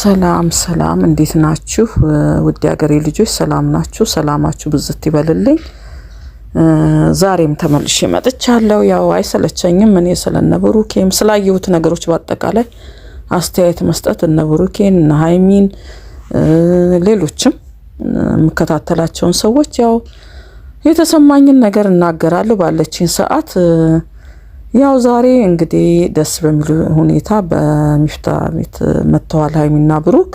ሰላም ሰላም፣ እንዴት ናችሁ? ውድ ሀገሬ ልጆች ሰላም ናችሁ? ሰላማችሁ ብዝት ይበልልኝ። ዛሬም ተመልሼ መጥቻለሁ። ያው አይሰለቸኝም። እኔ ስለ እነ ብሩኬም ስላየሁት ነገሮች በአጠቃላይ አስተያየት መስጠት እነ ብሩኬን፣ እነ ሀይሚን፣ ሌሎችም የምከታተላቸውን ሰዎች ያው የተሰማኝን ነገር እናገራለሁ ባለችኝ ሰዓት ያው ዛሬ እንግዲህ ደስ በሚል ሁኔታ በሚፍታ ቤት መጥተዋል ሀይሚና ብሩክ።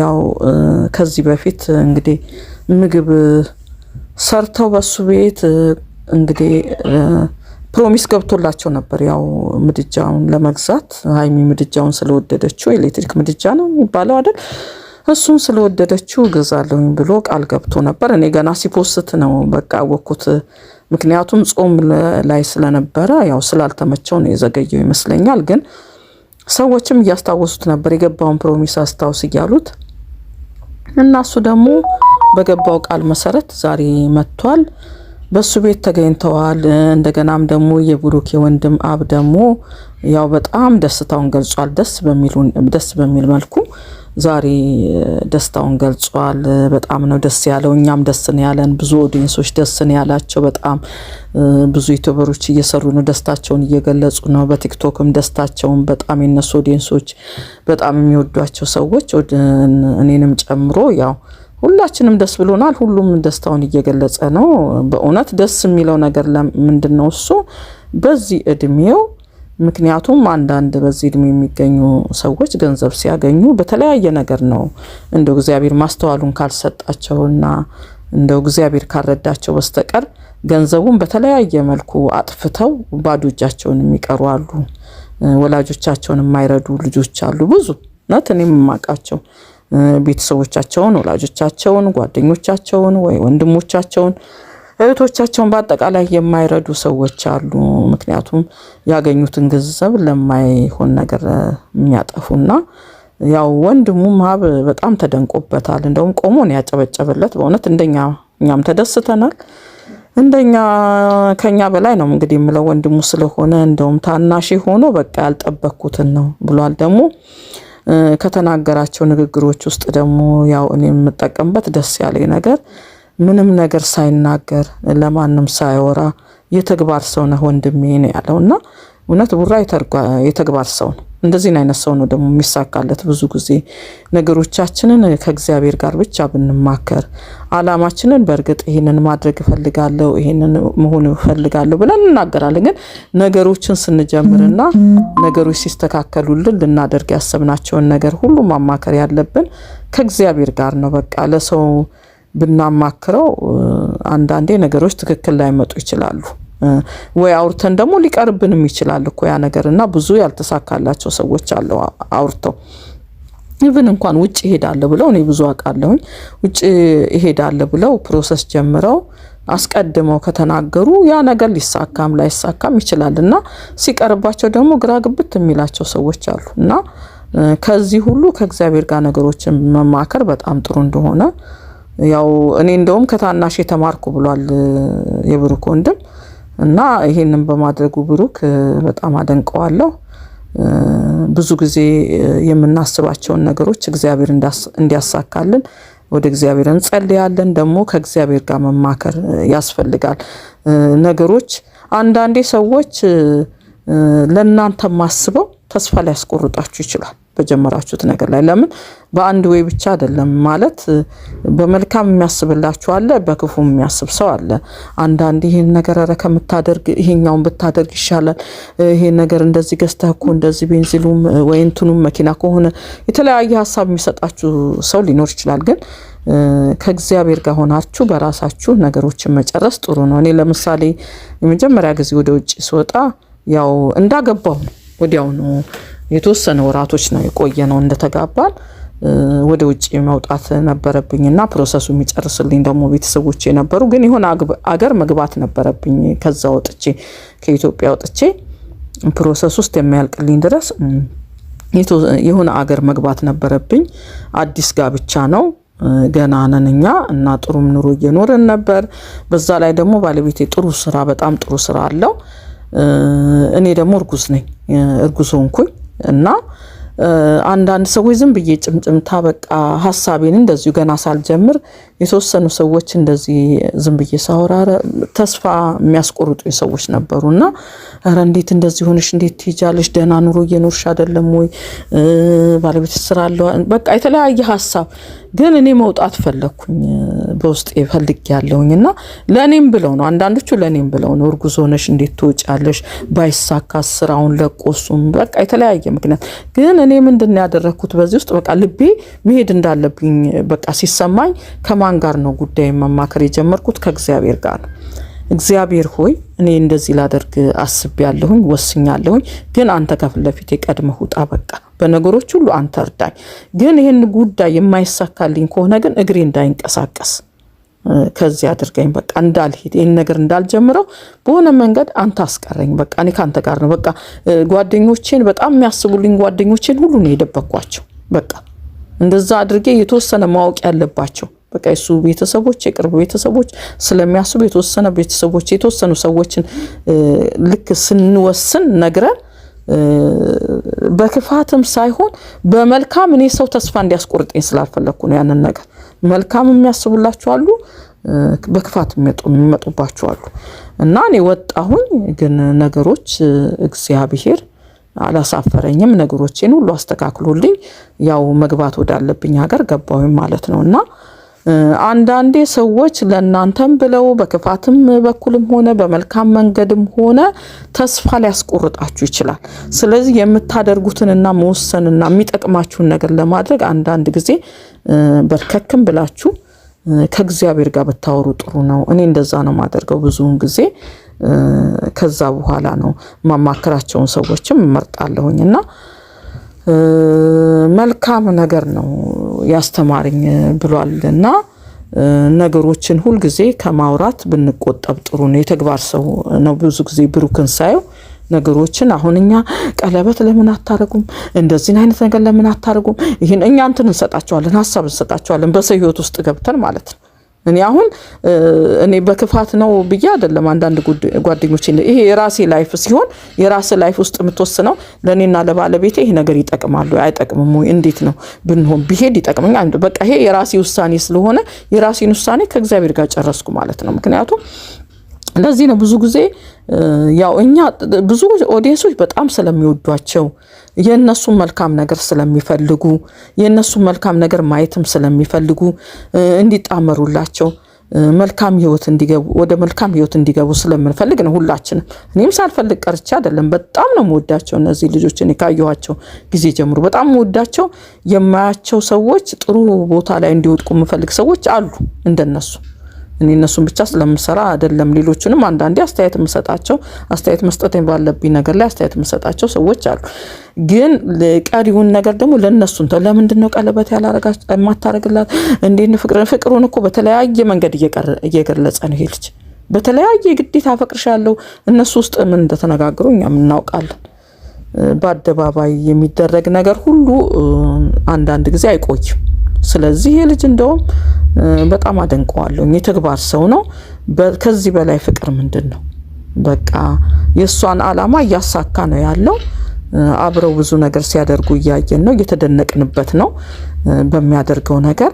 ያው ከዚህ በፊት እንግዲህ ምግብ ሰርተው በሱ ቤት እንግዲህ ፕሮሚስ ገብቶላቸው ነበር። ያው ምድጃውን ለመግዛት ሀይሚ ምድጃውን ስለወደደችው ኤሌክትሪክ ምድጃ ነው የሚባለው አይደል? እሱን ስለወደደችው ገዛለሁኝ ብሎ ቃል ገብቶ ነበር። እኔ ገና ሲፖስት ነው በቃ አወቅኩት ምክንያቱም ጾም ላይ ስለነበረ ያው ስላልተመቸው ነው የዘገየው ይመስለኛል። ግን ሰዎችም እያስታወሱት ነበር የገባውን ፕሮሚስ አስታውስ እያሉት እና እሱ ደግሞ በገባው ቃል መሰረት ዛሬ መጥቷል። በሱ ቤት ተገኝተዋል። እንደገናም ደግሞ የብሩኬ የወንድም አብ ደግሞ ያው በጣም ደስታውን ገልጿል። ደስ በሚል መልኩ ዛሬ ደስታውን ገልጿል። በጣም ነው ደስ ያለው። እኛም ደስ ነው ያለን። ብዙ ኦዲየንሶች ደስ ነው ያላቸው። በጣም ብዙ ዩቱበሮች እየሰሩ ነው፣ ደስታቸውን እየገለጹ ነው። በቲክቶክም ደስታቸውን በጣም የነሱ ኦዲየንሶች፣ በጣም የሚወዷቸው ሰዎች እኔንም ጨምሮ ያው ሁላችንም ደስ ብሎናል። ሁሉም ደስታውን እየገለጸ ነው። በእውነት ደስ የሚለው ነገር ምንድን ነው? እሱ በዚህ እድሜው ምክንያቱም አንዳንድ በዚህ እድሜ የሚገኙ ሰዎች ገንዘብ ሲያገኙ በተለያየ ነገር ነው እንደው እግዚአብሔር ማስተዋሉን ካልሰጣቸውና እንደው እግዚአብሔር ካልረዳቸው በስተቀር ገንዘቡን በተለያየ መልኩ አጥፍተው ባዶ እጃቸውን የሚቀሩ አሉ። ወላጆቻቸውን የማይረዱ ልጆች አሉ። ብዙ ነት እኔም የማውቃቸው ቤተሰቦቻቸውን፣ ወላጆቻቸውን፣ ጓደኞቻቸውን ወይ ወንድሞቻቸውን፣ እህቶቻቸውን በአጠቃላይ የማይረዱ ሰዎች አሉ። ምክንያቱም ያገኙትን ገንዘብ ለማይሆን ነገር የሚያጠፉና ያው ወንድሙ ማብ በጣም ተደንቆበታል። እንደውም ቆሞን ያጨበጨበለት በእውነት እንደኛ እኛም ተደስተናል። እንደኛ ከኛ በላይ ነው እንግዲህ የምለው ወንድሙ ስለሆነ እንደውም ታናሽ ሆኖ በቃ ያልጠበኩትን ነው ብሏል ደግሞ ከተናገራቸው ንግግሮች ውስጥ ደግሞ ያው እኔ የምጠቀምበት ደስ ያለኝ ነገር ምንም ነገር ሳይናገር ለማንም ሳይወራ የተግባር ሰው ነህ ወንድሜ ነው ያለው እና እውነት ቡራ የተግባር ሰው ነው። እንደዚህን አይነት ሰው ነው ደግሞ የሚሳካለት። ብዙ ጊዜ ነገሮቻችንን ከእግዚአብሔር ጋር ብቻ ብንማከር አላማችንን በእርግጥ ይህንን ማድረግ እፈልጋለሁ፣ ይህንን መሆን እፈልጋለሁ ብለን እናገራለን። ግን ነገሮችን ስንጀምርና ነገሮች ሲስተካከሉልን ልናደርግ ያሰብናቸውን ነገር ሁሉ ማማከር ያለብን ከእግዚአብሔር ጋር ነው። በቃ ለሰው ብናማክረው አንዳንዴ ነገሮች ትክክል ላይመጡ ይችላሉ። ወይ አውርተን ደግሞ ሊቀርብንም ይችላል እኮ ያ ነገር እና ብዙ ያልተሳካላቸው ሰዎች አለው አውርተው ኢቭን እንኳን ውጭ እሄዳለሁ ብለው እኔ ብዙ አውቃለሁኝ። ውጭ እሄዳለሁ ብለው ፕሮሰስ ጀምረው አስቀድመው ከተናገሩ ያ ነገር ሊሳካም ላይሳካም ይችላል እና ሲቀርባቸው ደግሞ ግራ ግብት የሚላቸው ሰዎች አሉ እና ከዚህ ሁሉ ከእግዚአብሔር ጋር ነገሮችን መማከር በጣም ጥሩ እንደሆነ ያው እኔ እንደውም ከታናሽ የተማርኩ ብሏል የብሩክ ወንድም እና ይሄንን በማድረጉ ብሩክ በጣም አደንቀዋለሁ። ብዙ ጊዜ የምናስባቸውን ነገሮች እግዚአብሔር እንዲያሳካልን ወደ እግዚአብሔር እንጸልያለን። ደግሞ ከእግዚአብሔር ጋር መማከር ያስፈልጋል። ነገሮች አንዳንዴ ሰዎች ለእናንተ ማስበው ተስፋ ሊያስቆርጣችሁ ይችላል። በጀመራችሁት ነገር ላይ ለምን በአንድ ወይ ብቻ አይደለም ማለት በመልካም የሚያስብላችሁ አለ፣ በክፉ የሚያስብ ሰው አለ። አንዳንድ ይህን ነገር ኧረ ከምታደርግ ይሄኛውን ብታደርግ ይሻላል፣ ይሄ ነገር እንደዚህ ገዝተህ እኮ እንደዚህ ቤንዚሉም ወይ እንትኑም መኪና ከሆነ የተለያየ ሀሳብ የሚሰጣችሁ ሰው ሊኖር ይችላል። ግን ከእግዚአብሔር ጋር ሆናችሁ በራሳችሁ ነገሮችን መጨረስ ጥሩ ነው። እኔ ለምሳሌ የመጀመሪያ ጊዜ ወደ ውጭ ስወጣ ያው እንዳገባው ወዲያው ነው የተወሰነ ወራቶች ነው የቆየ ነው እንደተጋባል ወደ ውጭ መውጣት ነበረብኝ እና ፕሮሰሱ የሚጨርስልኝ ደግሞ ቤተሰቦች የነበሩ ግን የሆነ አገር መግባት ነበረብኝ። ከዛ ወጥቼ ከኢትዮጵያ ወጥቼ ፕሮሰስ ውስጥ የሚያልቅልኝ ድረስ የሆነ አገር መግባት ነበረብኝ። አዲስ ጋብቻ ነው ገና ነን እኛ እና ጥሩም ኑሮ እየኖርን ነበር። በዛ ላይ ደግሞ ባለቤቴ ጥሩ ስራ፣ በጣም ጥሩ ስራ አለው። እኔ ደግሞ እርጉዝ ነኝ፣ እርጉዝ ሆንኩኝ። እና አንዳንድ ሰዎች ዝም ብዬ ጭምጭምታ በቃ ሀሳቤን እንደዚሁ ገና ሳልጀምር የተወሰኑ ሰዎች እንደዚህ ዝም ብዬ ሳወራ ተስፋ የሚያስቆርጡ ሰዎች ነበሩ እና ኧረ እንዴት እንደዚህ ሆነሽ እንዴት ትሄጃለሽ? ደህና ኑሮ እየኖርሽ አይደለም ወይ? ባለቤት ስራ አለ በቃ የተለያየ ሀሳብ ግን እኔ መውጣት ፈለግኩኝ በውስጤ ፈልግ ያለውኝ እና ለእኔም ብለው ነው አንዳንዶቹ ለእኔም ብለው ነው እርጉዞ ነሽ እንዴት ትወጫለሽ? ባይሳካ ስራውን ለቆሱም በቃ የተለያየ ምክንያት ግን እኔ ምንድን ያደረግኩት በዚህ ውስጥ በቃ ልቤ መሄድ እንዳለብኝ በቃ ሲሰማኝ ከማ ከማን ጋር ነው ጉዳይ መማከር የጀመርኩት? ከእግዚአብሔር ጋር ነው። እግዚአብሔር ሆይ እኔ እንደዚህ ላደርግ ወስኝ ወስኛለሁኝ፣ ግን አንተ ከፊት ለፊት የቀድመ ውጣ። በቃ በነገሮች ሁሉ አንተ እርዳኝ። ግን ይህን ጉዳይ የማይሳካልኝ ከሆነ ግን እግሬ እንዳይንቀሳቀስ ከዚህ አድርገኝ፣ በቃ እንዳልሄድ፣ ይህን ነገር እንዳልጀምረው በሆነ መንገድ አንተ አስቀረኝ። በቃ እኔ ከአንተ ጋር ነው። በቃ ጓደኞቼን፣ በጣም የሚያስቡልኝ ጓደኞቼን ሁሉ ነው የደበኳቸው። በቃ እንደዛ አድርጌ የተወሰነ ማወቅ ያለባቸው በቃ የሱ ቤተሰቦች የቅርብ ቤተሰቦች ስለሚያስቡ የተወሰነ ቤተሰቦች የተወሰኑ ሰዎችን ልክ ስንወስን ነግረን በክፋትም ሳይሆን በመልካም እኔ ሰው ተስፋ እንዲያስቆርጠኝ ስላልፈለግኩ ነው ያንን ነገር። መልካም የሚያስቡላቸው አሉ፣ በክፋት የሚመጡባችሁ አሉ። እና እኔ ወጣሁኝ፣ ግን ነገሮች እግዚአብሔር አላሳፈረኝም። ነገሮቼን ሁሉ አስተካክሎልኝ ያው መግባት ወዳለብኝ ሀገር ገባሁኝ ማለት ነው እና አንዳንዴ ሰዎች ለእናንተም ብለው በክፋትም በኩልም ሆነ በመልካም መንገድም ሆነ ተስፋ ሊያስቆርጣችሁ ይችላል። ስለዚህ የምታደርጉትንና መወሰንና የሚጠቅማችሁን ነገር ለማድረግ አንዳንድ ጊዜ በርከክም ብላችሁ ከእግዚአብሔር ጋር ብታወሩ ጥሩ ነው። እኔ እንደዛ ነው የማደርገው ብዙውን ጊዜ። ከዛ በኋላ ነው ማማከራቸውን ሰዎችም እመርጣለሁኝ እና መልካም ነገር ነው ያስተማረኝ ብሏል እና ነገሮችን ሁልጊዜ ከማውራት ብንቆጠብ ጥሩ ነው። የተግባር ሰው ነው። ብዙ ጊዜ ብሩክን ሳየው ነገሮችን አሁን እኛ ቀለበት ለምን አታረጉም? እንደዚህን አይነት ነገር ለምን አታረጉም? ይህን እኛ እንትን እንሰጣቸዋለን፣ ሀሳብ እንሰጣቸዋለን በሰው ህይወት ውስጥ ገብተን ማለት ነው። እኔ አሁን እኔ በክፋት ነው ብዬ አይደለም። አንዳንድ ጓደኞች ይሄ የራሴ ላይፍ ሲሆን የራሴ ላይፍ ውስጥ የምትወስነው ለእኔና ለባለቤቴ ይሄ ነገር ይጠቅማሉ አይጠቅምም ወይ እንዴት ነው ብንሆን ብሄድ ይጠቅመኛል። በቃ ይሄ የራሴ ውሳኔ ስለሆነ የራሴን ውሳኔ ከእግዚአብሔር ጋር ጨረስኩ ማለት ነው። ምክንያቱም ለዚህ ነው ብዙ ጊዜ ያው እኛ ብዙ ኦዲየንሶች በጣም ስለሚወዷቸው የእነሱን መልካም ነገር ስለሚፈልጉ የእነሱን መልካም ነገር ማየትም ስለሚፈልጉ እንዲጣመሩላቸው መልካም ህይወት እንዲገቡ ወደ መልካም ህይወት እንዲገቡ ስለምንፈልግ ነው ሁላችንም። እኔም ሳልፈልግ ቀርቼ አይደለም። በጣም ነው የምወዳቸው እነዚህ ልጆች። እኔ ካየኋቸው ጊዜ ጀምሮ በጣም የምወዳቸው የማያቸው ሰዎች ጥሩ ቦታ ላይ እንዲወድቁ የምፈልግ ሰዎች አሉ እንደነሱ እኔ እነሱን ብቻ ስለምሰራ አይደለም። ሌሎችንም አንዳንዴ አስተያየት የምሰጣቸው አስተያየት መስጠት ባለብኝ ነገር ላይ አስተያየት የምሰጣቸው ሰዎች አሉ። ግን ቀሪውን ነገር ደግሞ ለእነሱን ለምንድን ነው ቀለበት የማታረግላት? እንዴት ፍቅሩን እኮ በተለያየ መንገድ እየገለጸ ነው ይሄ ልጅ በተለያየ ግዴታ አፈቅርሻለሁ። እነሱ ውስጥ ምን እንደተነጋገሩ እኛም እናውቃለን። በአደባባይ የሚደረግ ነገር ሁሉ አንዳንድ ጊዜ አይቆይም። ስለዚህ ይሄ ልጅ እንደውም በጣም አደንቀዋለሁ። የተግባር ሰው ነው። ከዚህ በላይ ፍቅር ምንድን ነው? በቃ የእሷን አላማ እያሳካ ነው ያለው። አብረው ብዙ ነገር ሲያደርጉ እያየን ነው፣ እየተደነቅንበት ነው በሚያደርገው ነገር።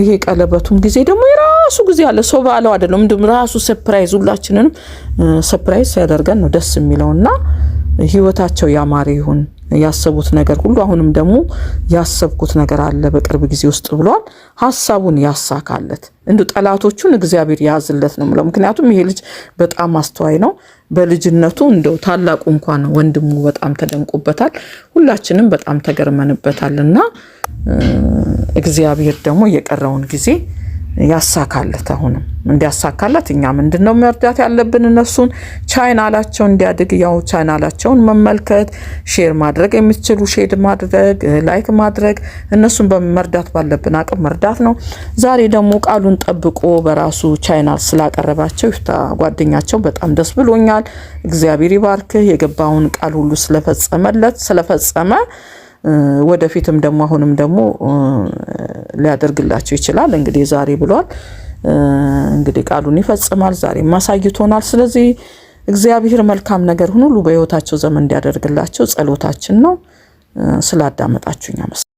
ይሄ ቀለበቱም ጊዜ ደግሞ የራሱ ጊዜ አለ። ሰው ባለው አይደለም፣ እንዲሁም ራሱ ሰፕራይዝ፣ ሁላችንንም ሰፕራይዝ ሲያደርገን ነው ደስ የሚለውና ህይወታቸው ያማረ ይሁን። ያሰቡት ነገር ሁሉ አሁንም ደግሞ ያሰብኩት ነገር አለ በቅርብ ጊዜ ውስጥ ብሏል። ሀሳቡን ያሳካለት እንዱ ጠላቶቹን እግዚአብሔር ያዝለት ነው ምለው። ምክንያቱም ይሄ ልጅ በጣም አስተዋይ ነው። በልጅነቱ እንደው ታላቁ እንኳን ወንድሙ በጣም ተደንቆበታል። ሁላችንም በጣም ተገርመንበታል እና እግዚአብሔር ደግሞ የቀረውን ጊዜ ያሳካለት አሁንም እንዲያሳካለት እኛ ምንድን ነው መርዳት ያለብን? እነሱን ቻይናላቸው እንዲያድግ ያው ቻይናላቸውን መመልከት፣ ሼር ማድረግ የምትችሉ ሼድ ማድረግ፣ ላይክ ማድረግ እነሱን በመርዳት ባለብን አቅም መርዳት ነው። ዛሬ ደግሞ ቃሉን ጠብቆ በራሱ ቻይናል ስላቀረባቸው ይፍታ ጓደኛቸው በጣም ደስ ብሎኛል። እግዚአብሔር ይባርክህ የገባውን ቃል ሁሉ ስለፈጸመለት ስለፈጸመ ወደፊትም ደግሞ አሁንም ደግሞ ሊያደርግላቸው ይችላል። እንግዲህ ዛሬ ብሏል፣ እንግዲህ ቃሉን ይፈጽማል፣ ዛሬ ማሳይቶናል። ስለዚህ እግዚአብሔር መልካም ነገር ሁሉ በሕይወታቸው ዘመን እንዲያደርግላቸው ጸሎታችን ነው። ስላዳመጣችሁኝ አመሰግናለሁ።